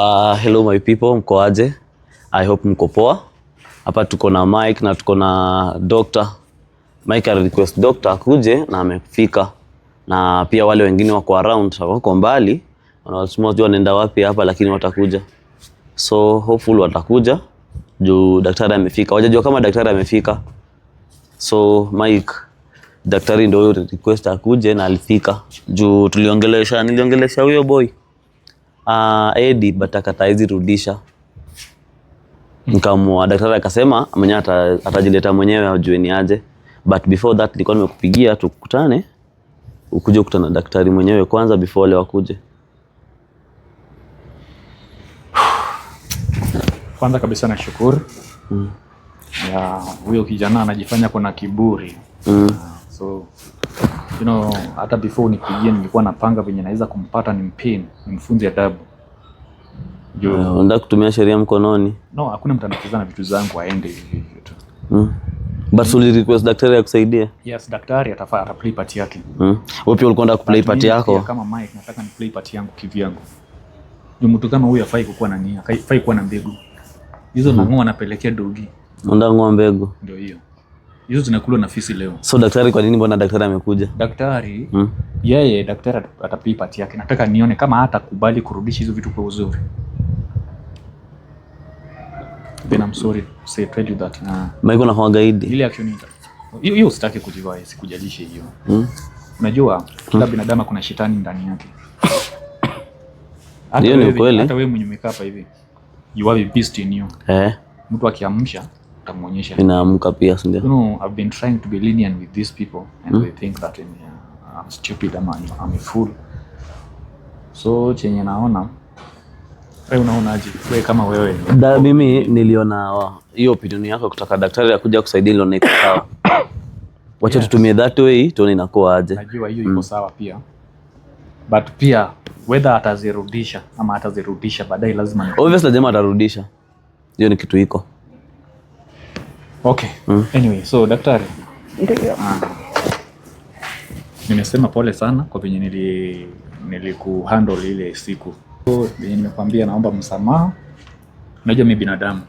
Uh, hello my people, mko aje? I hope mko poa. Hapa tuko na Mike na tuko na Doctor. Mike ali request Doctor akuje na amefika, na pia wale wengine wako around, wako mbali, wanawasimua wanaenda wapi hapa, lakini watakuja, so hopeful watakuja juu daktari amefika. Wajajua kama daktari amefika, so Mike daktari ndio request akuje na alifika juu tuliongelesha, niliongelesha huyo boy uh, ah, edi but akataizirudisha. Nikamwa daktari akasema mwenyewe atajileta mwenyewe ajue ni aje, but before that nilikuwa nimekupigia tukutane, ukuje kukutana na daktari mwenyewe kwanza before wale wakuje. Kwanza kabisa nashukuru mm. ya huyo kijana anajifanya kuna kiburi mm. Ah, you know, hata before unipigie nilikuwa napanga venye naweza kumpata ni mpin nimfunze adabu. Eh, unataka kutumia sheria mkononi? No, hakuna mtu anachezana vitu zangu, aende hivyo hivyo tu. Mm. But uli request daktari akusaidie? Yes, daktari atafaa ata play part yake. Mm. Wewe pia ulikuwa unataka kuplay part yako? Kama Mike nataka ni play part yangu kivyangu. Ni mtu kama huyu afai kukuwa na nia, afai kuwa na mbegu. Hizo mm. ng'oa napelekea dogi. unda ngoa mbegu. Ndio hiyo hizo zinakulwa na fisi leo. So daktari, kwa nini mbona daktari amekuja? Daktari hmm? Yeye daktari atapii pati yake, nataka nione kama hatakubali kurudisha hizo vitu kwa uzuri. Then I'm sorry to say tell you that na Michael na Hawagaidi ile akioniita hiyo hiyo, usitaki kujivaa, eh, sikujalishe hiyo hmm? Unajua hmm? kila binadamu kuna shetani ndani yake. ni kweli. Hata wewe mwenye umekaa hapa hivi you have a beast in you eh, mtu akiamsha utamuonyesha inaamka pia, si You know, I've been trying to be lenient with these people and mm. they think that in, uh, I'm stupid ama I'm a fool. So chenye naona wewe unaonaje? Wewe kama wewe da, mimi niliona oh, hiyo opinion yako kutaka daktari akuja kusaidia, ilo iko sawa. Wacha tutumie that way tuone inakuwa aje. Najua hiyo iko hmm. sawa pia. But pia whether atazirudisha ama atazirudisha baadaye lazima. Obviously lazima atarudisha. Hiyo ni kitu iko. Okay. Mm. Anyway, so daktari, ndio ah. nimesema pole sana kwa venye nili nilikuhandle ile siku. So, nimekwambia naomba msamaha. Unajua mimi binadamu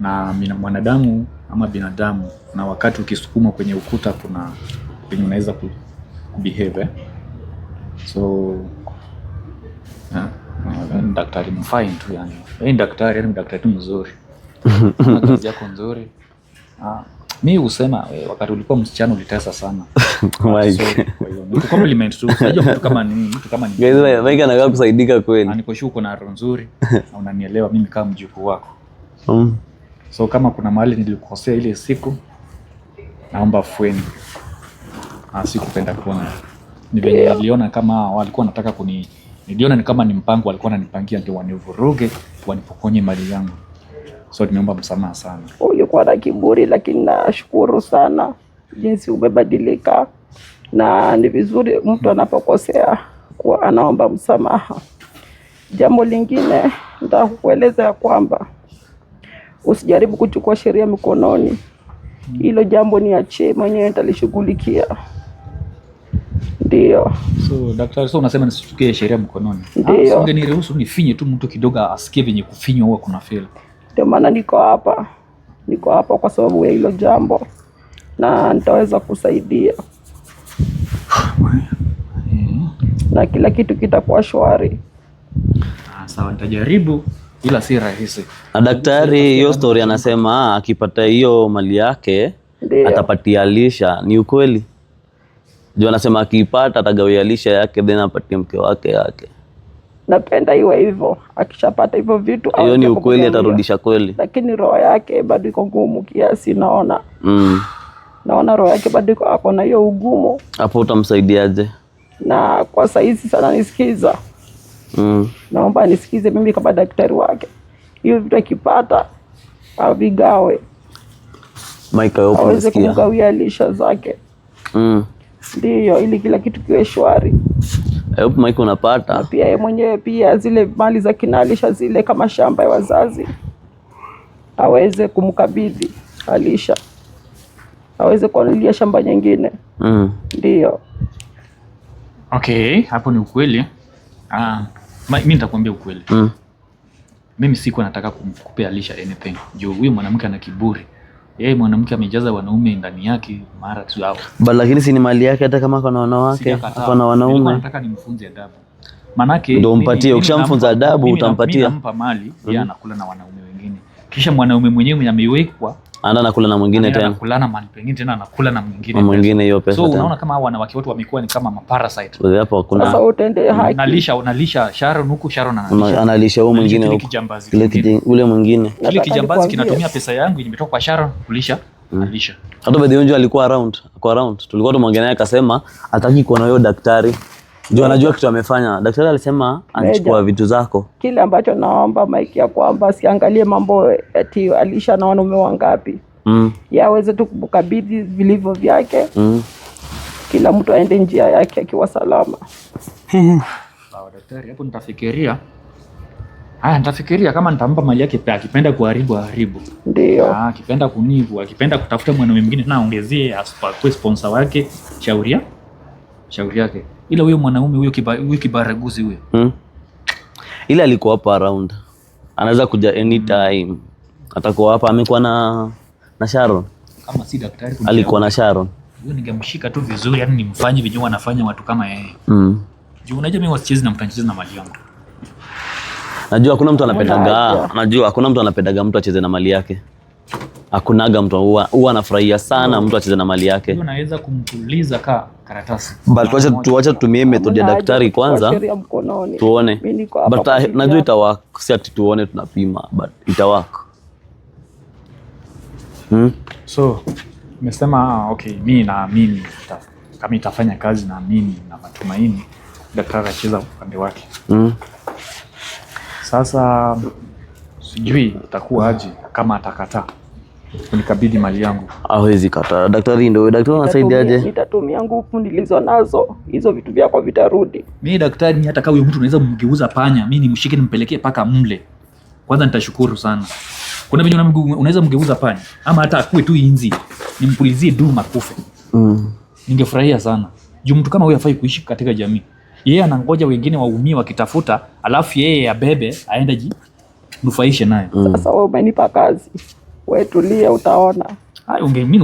na mimi mwanadamu ama binadamu, na wakati ukisukuma kwenye ukuta kuna venye unaweza kubehave. Eh? So ah, daktari mfine tu yani. Daktari yani daktari tu mzuri. Kazi yako nzuri Ah, mi husema eh, wakati ulikuwa msichana ulitesa sana. Oh Anakaa kusaidika kweli. Ah, Nikoshua uko na roho nzuri na unanielewa mimi kama mjukuu wako mm. So kama kuna mahali nilikosea ile siku, naomba fueni. Ah, sikupenda kuona ni venye niliona kama walikuwa wanataka kuni, niliona ni kama ni mpango walikuwa wananipangia ndio wanivuruge wanipokonye mali yangu so nimeomba msamaha sana. Ulikuwa na kiburi, lakini nashukuru sana jinsi umebadilika, na ni vizuri mtu anapokosea kuwa anaomba msamaha. Jambo lingine nitakueleza ya kwamba usijaribu kuchukua sheria mikononi. Hilo jambo ni niachie mwenyewe, nitalishughulikia. Ndio. So daktari, so unasema nisichukue sheria mkononi? Ndio. Ungeniruhusu ah, nifinye tu mtu kidogo, asikie venye kufinywa huwa kuna feel ndio maana niko hapa, niko hapa kwa sababu ya hilo jambo, na nitaweza kusaidia na kila kitu kitakuwa shwari. Ah, sawa, nitajaribu ila si rahisi. Na daktari hiyo story anasema ah, akipata hiyo mali yake atapatia lisha, ni ukweli? Juu anasema akiipata atagawia lisha yake then apatie mke wake yake napenda iwe hivyo. Akishapata hivyo vitu, hiyo ni ukweli, atarudisha kweli, lakini roho yake bado iko ngumu kiasi. Naona mm. naona roho yake bado iko hapo na hiyo ugumu hapo. Utamsaidiaje? na kwa saizi sana nisikiza, mm. naomba nisikize mimi kama daktari wake, hiyo vitu akipata avigawe aweze kumgawia lisha zake, mm. ndiyo mm. ili kila kitu kiwe shwari help eh, Mike unapata na pia yeye mwenyewe pia zile mali za kinalisha zile kama shamba ya wazazi aweze kumkabidhi Alisha aweze kuanulia shamba nyingine mm. Ndio, okay, hapo ni ukweli. Ah, mimi nitakwambia ukweli mm. Mimi sikuwa nataka kumpea Alisha anything juu huyu mwanamke ana kiburi yeye mwanamke amejaza wanaume ndani yake mara tu hapo. Bali lakini si ni mali yake, hata kama ako wanawake ako na wanaume. Nataka nimfunze adabu, manake ndio mpatie, Ukishamfunza adabu utampatia, nampa mali, yeye mm-hmm. anakula na wanaume wengine, kisha mwanaume mwenyewe amewekwa Anaenda anakula na mwingine tena. Anakulana mahali pengine tena anakula na mwingine. Mwingine hiyo pesa. So unaona kama hao wanawake wote wamekuwa ni kama maparasite. Hapo kuna sasa utende haki. Unalisha unalisha Sharon huku Sharon analisha. Analisha huyo mwingine huko. ile Kile ule mwingine. ile kijambazi kinatumia pesa yangu imetoka kwa Sharon kulisha. Analisha. Mm. Hata by the way alikuwa around, kwa around. Tulikuwa tumwangalia, akasema ataki kuona huyo daktari. Ndio anajua kitu amefanya. Daktari alisema anachukua vitu zako. Kile ambacho naomba Mike ya kwamba siangalie mambo ati alisha na wanaume wangapi. Mm. Yeye aweze tu kukabidhi vilivyo vyake. Mm. Kila mtu aende njia yake akiwa salama. Sawa daktari, hapo nitafikiria. Haya, nitafikiria kama nitampa mali yake pia, akipenda kuharibu haribu. Ndio. Ah, akipenda kunivu, akipenda kutafuta mwanaume mwingine na aongezie, kwa sponsor wake, shauri shauri yake ila huyo mwanaume huyo kibaraguzi huyo hmm. Ila alikuwa hapa around, anaweza kuja anytime, atakuwa hapa. Amekuwa na na Sharon, kama si daktari alikuwa na Sharon huyo, ningemshika tu vizuri, yani nimfanye vinyo anafanya watu kama yeye mm. Juu unajua mimi wasichezi na mtanchezi na mali yangu, najua hakuna mtu anapendaga, najua hakuna mtu anapendaga mtu acheze na mali yake hakunaga mtu huwa huwa anafurahia sana mtu acheze na mali yake. Unaweza kumtuliza ka karatasi. But wacha tuache tutumie method ya daktari kwanza. Tuone. But uh, najua ita work, si ati tuone tunapima but ita work. Hmm? So, nimesema ah, okay, mimi naamini kama itafanya kazi naamini na matumaini daktari acheza upande wake. Hmm. Sasa sijui itakuwa aje kama atakataa unikabidhi mali yangu. Hawezi kata. Daktari, ndio wewe, daktari unasaidiaje? Nitatumia nguvu nilizo nazo, hizo vitu vyako vitarudi. Mimi daktari, ni hata kama huyo mtu unaweza kumgeuza panya, mimi nimshike nimpelekee paka mle, kwanza nitashukuru sana. Kuna vile unaweza mgeuza panya ama hata akue tu inzi, nimpulizie duma makufe. Mm. Ningefurahia sana juu mtu kama huyo afai kuishi katika jamii. Yeye anangoja wengine waumie wakitafuta, alafu yeye abebe aende jinufaishe naye. Mm. Sasa wewe umenipa kazi we tulia, utaona. Mimi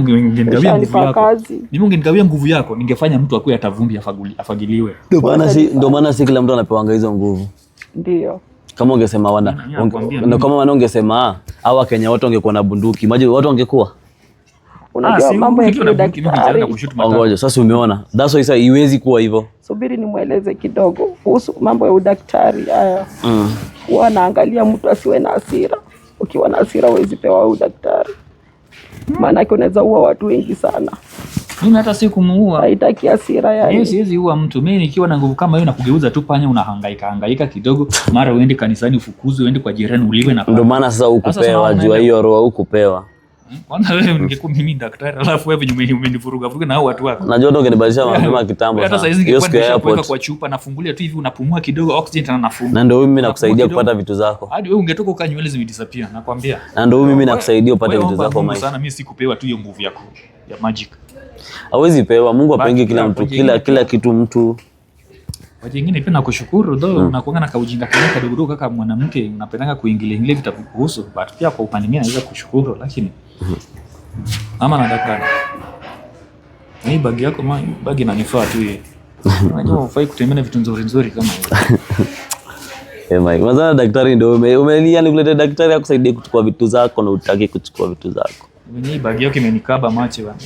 ungenigawia nguvu yako, ningefanya mtu akuwe atavumbi afagiliwe. Ndio maana si ndio maana si kila mtu anapewanga hizo nguvu, ndio kama ungesema wana kama wana ungesema ah, hawa Kenya wote wangekuwa na bunduki, maji watu wangekuwa unajua ah, sasa, umeona that's why sasa iwezi kuwa hivyo. Subiri nimweleze kidogo kuhusu mambo ya udaktari haya. Mm, huwa anaangalia mtu asiwe na hasira ukiwa na hasira huwezi pewa maana maanake unaweza uwa watu wengi sana. Mimi hata si kumuua. Haitaki hasira yani. Mimi siwezi uwa mtu. Mimi nikiwa na nguvu kama hiyo na kugeuza tu panya unahangaika hangaika kidogo, mara uende kanisani ufukuzwe, uende kwa jirani uliwe na. Ndio maana sasa hukupewa jua hiyo roho hukupewa. Kwanza wewe ningekuwa mimi daktari alafu wewe umenivuruga vuruga na watu wako. Najua ndio ungenibadilisha mapema kitambo sana. Hata saizi ningekuwa kuweka kwa chupa nafungulia tu hivi unapumua kidogo oxygen na nafunga. Na ndio mimi nakusaidia kupata vitu zako. Hadi wewe ungetoka uka nywele zimedisappear nakwambia. Na ndio mimi nakusaidia upate vitu zako maisha. Sana mimi sikupewa tu hiyo nguvu yako ya magic. Hawezi pewa Mungu apengi kila mtu kila kila kitu mtu kwa jingine pia nakushukuru do hmm. Unakuanga na kaujinga kani kadogodogo kaka mwanamke, unapendanga kuingilia ingilia vitabu kuhusu, but pia kwa upande mimi naweza kushukuru, lakini hmm. mama nadaka ni bagi yako ma bagi inanifaa tu hii. Unajua ufai kutembea na vitu nzuri nzuri kama hiyo. Eh, mai mazana daktari ndio umelia ni kuleta daktari akusaidie kuchukua vitu zako na utaki kuchukua vitu zako. Mimi bagi yako imenikaba macho bana.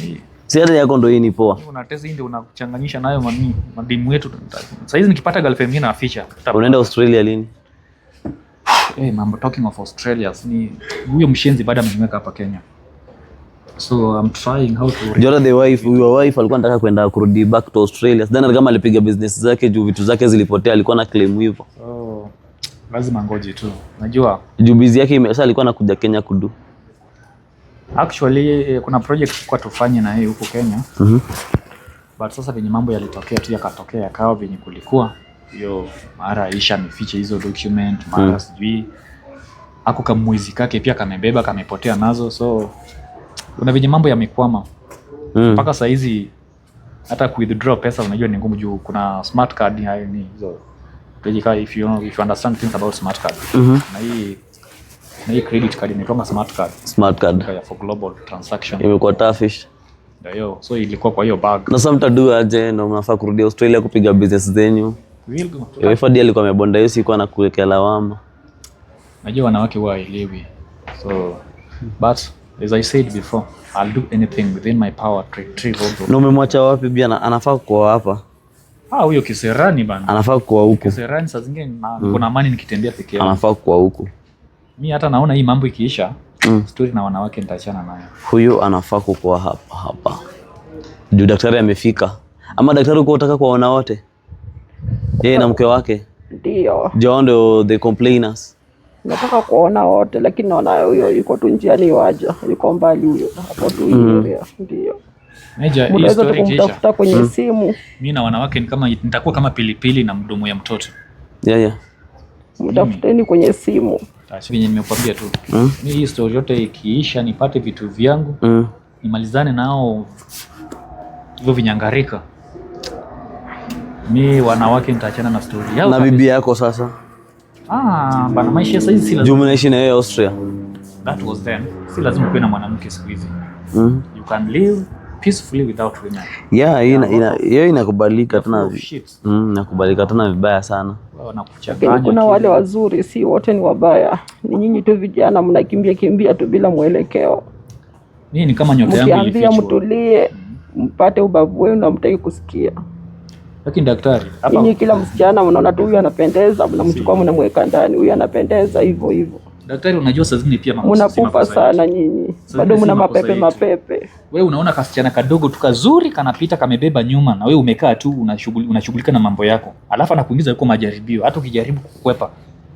Si hata yako ndo hii ni poa. Una tezi hii ndio unachanganyisha nayo mani madimu yetu. Sasa hizi nikipata girlfriend nyingine na ficha. Unaenda Australia lini? Eh, mambo talking of Australia, ni huyo mshenzi baada mjimeka hapa Kenya. So I'm trying how to Jora the wife, your wife alikuwa anataka kwenda kurudi back to Australia. Sidhani kama alipiga business zake juu vitu zake zilipotea, alikuwa na claim hivyo. Oh. Lazima ngoje tu. Najua. Juu bizi yake imesha alikuwa anakuja Kenya kudu. Actually eh, kuna project kwa tufanye na yeye huko Kenya mm -hmm. But sasa venye mambo yalitokea tu yakatokea yakawa venye kulikuwa hiyo, mara Aisha ameficha hizo document mara mm. sijui ako kamwizi kake pia kamebeba kamepotea nazo, so kuna venye mambo yamekwama mhm. mpaka mm. sahizi hata kuwithdraw pesa unajua ni ngumu juu kuna smart card, ni hizo if you, if you understand things about smart card mm -hmm. na hii na hii credit card inaitwa smart card. Smart card. Yeah, for global transaction. Imekuwa tafish. Ndio, so ilikuwa kwa hiyo bag. Na sasa mtadua aje na mnafaa kurudi Australia kupiga business zenyu. Wefadi alikuwa amebonda hiyo siku anakuwekea lawama. Najua wanawake huwa haelewi. So but as I said before, I'll do anything within my power to retrieve all. Na umemwacha wapi bia? Anafaa kuwa hapa. Ah, huyo kiserani bana. Anafaa kuwa huko. Kiserani saa zingine kuna amani nikitembea peke yangu. Anafaa kuwa huko mi hata naona hii mambo ikiisha mm. stori na wanawake nitaachana nayo. Huyu anafaa kukuwa hapa hapa juu daktari amefika, ama daktari uko utaka kuwaona wote yeye na mke wake ndio John ndio the complainers. Nataka kuona wote lakini naona huyo yuko tu njiani, waja yuko mbali huyo hapo tu mm. ndio Unaweza kumtafuta kwenye mm. simu. Mimi na wanawake ni kama nitakuwa kama pilipili na mdomo ya mtoto. Yeah, yeah. Mtafuteni kwenye simu. Ah, Sivyo nimekwambia tu mm. hii story yote ikiisha, nipate vitu vyangu mm. Nimalizane nao hivyo vinyangarika. Mi wanawake nitaachana na story yao. Na bibi yako sasa? Ah, bana maisha sasa hizi si lazima. Naishi na yeye Austria. That was then. Si lazima kuwe na mwanamke siku hizi. Mm. You can live peacefully without women. Yeah, hiyo inakubalika tena. Mm, inakubalika tena vibaya sana. Kuna wale wazuri, si wote ni wabaya. Ni nyinyi tu vijana mnakimbia kimbia tu bila mwelekeo. Mimi ni kama nyota yangu ilifichwa. mtulie, mm-hmm. mpate ubavu wenu na mtaki kusikia. Lakini daktari, hapa nyinyi kila msichana mnaona tu huyu anapendeza, mnamchukua mnamweka ndani, huyu anapendeza hivyo hivyo. Daktari, unajua saa zingine pia mnapupa sana nyinyi. Bado mna mapepe mapepe wewe unaona kasichana kadogo tu kazuri kanapita kamebeba nyuma, na wewe umekaa tu unashughulika na mambo yako, alafu anakuingiza huko majaribio. Hata ukijaribu kukwepa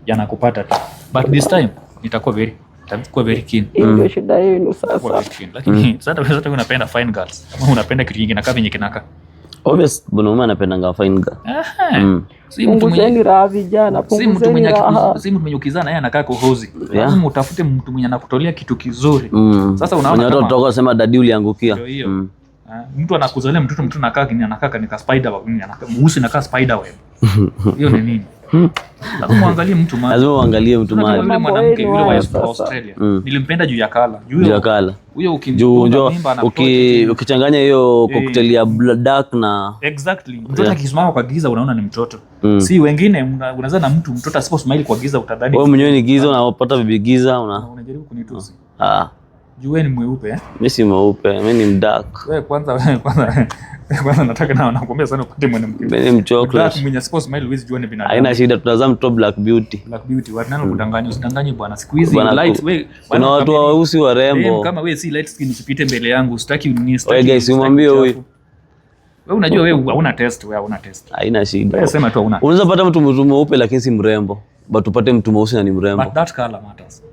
yanakupata tu, but this time nitakuwa very nitakuwa very keen. Ndio mm. shida yenu sasa, lakini sasa unapenda fine girls ama unapenda kitu kingine kama yenye kinaka Obvious anapenda anapendanga fine girl. Mm. Si mtu mwenye raha vijana, si mtu mwenye si mtu mwenye ukizana yeye anakaa kohozi. Yeah. Lazima utafute mtu mwenye anakutolea kitu kizuri. Mm. Sasa unaona kama watoto wako sema dadi uliangukia. Mm. Eh, mtu anakuzalia mtoto mtu anakaa kinyana anakaa kani ka spider web. Anakaa mweusi anakaa spider web. Hiyo ni nini? Hmm. Lazima uangalie mtu hmm. juu ya kala. ukichanganya hiyo kokteli eh. ya dark na Exactly. Mtoto akisimama kwa giza unaona ni mtoto. Hmm. Si wengine unaanza na mtu mtoto asipo kwa giza utadhani. Wewe mwenyewe ni giza unapata bibi giza una. Unajaribu kunitusi. Ah. Juu ni mweupe eh? si mweupe, mi ni mdark. kwanza kwanza. Kwanza nataka na sana upate mwanamke. Mimi ni Mwenye binadamu. Haina shida tunazama tu Black Beauty. Black Beauty wapi nani hmm. kudanganya usidanganye bwana. Siku hizi light wewe. Kuna watu weusi warembo. Kama wewe si light skin usipite mbele yangu Wewe guys umwambie huyu. Wewe unajua wewe hauna test wewe hauna test. Haina shida. Wewe sema tu hauna. Unaweza pata mtu mweupe lakini si mrembo. But upate mtu mweusi na ni mrembo. But that color matters.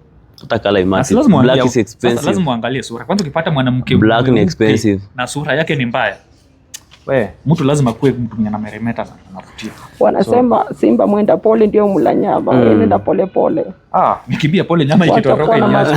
Black is expensive. Lazima uangalie sura. Kwanza ukipata mwanamke black ni expensive. Na sura yake ni mbaya. We, mtu lazima kuwe mtu mwenye anameremeta na anavutia. Wanasema so, simba mwenda pole ndio mula nyama, mm. Nenda pole pole. Ah, nikimbia pole nyama ikitoroka iniacha.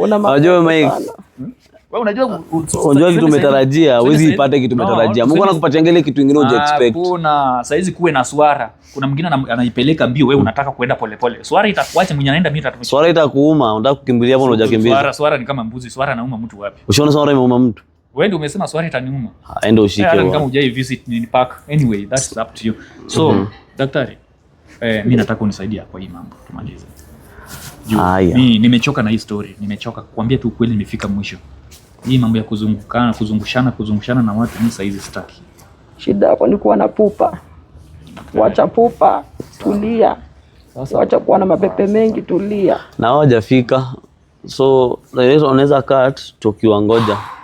Unajua Mike. Wewe hmm? unajua unajua kitu umetarajia, huwezi ipate kitu umetarajia. Mungu anakupatia ngeli kitu kingine unje expect. Kuna saizi kuwe na swara. Kuna mwingine anaipeleka mbio, wewe unataka kuenda pole pole. Swara itakuacha mwenye anaenda mita tu. Swara itakuuma, unataka kukimbilia hapo unaja kimbia. Swara swara ni kama mbuzi, swara anauma mtu wapi? Ushaona swara imeuma mtu? wende umesema swari taniuma Aende ah, eh, ushike wewe. visit ni park. Anyway, that's up to you. So, mm -hmm. Daktari, eh, mimi nataka unisaidia kwa hii mambo tumalize. mi nimechoka na hii story. Nimechoka kuambia tu kweli nimefika mwisho. Hii mambo ya kuzungukana, kuzungushana, kuzungushana na watu mi saizi staki Shida hapo ni kuwa na pupa. Eh. Wacha pupa, tulia. wacha kuwa na mapepe mengi, tulia. Na wajafika So, unaweza cut tukiwa ngoja.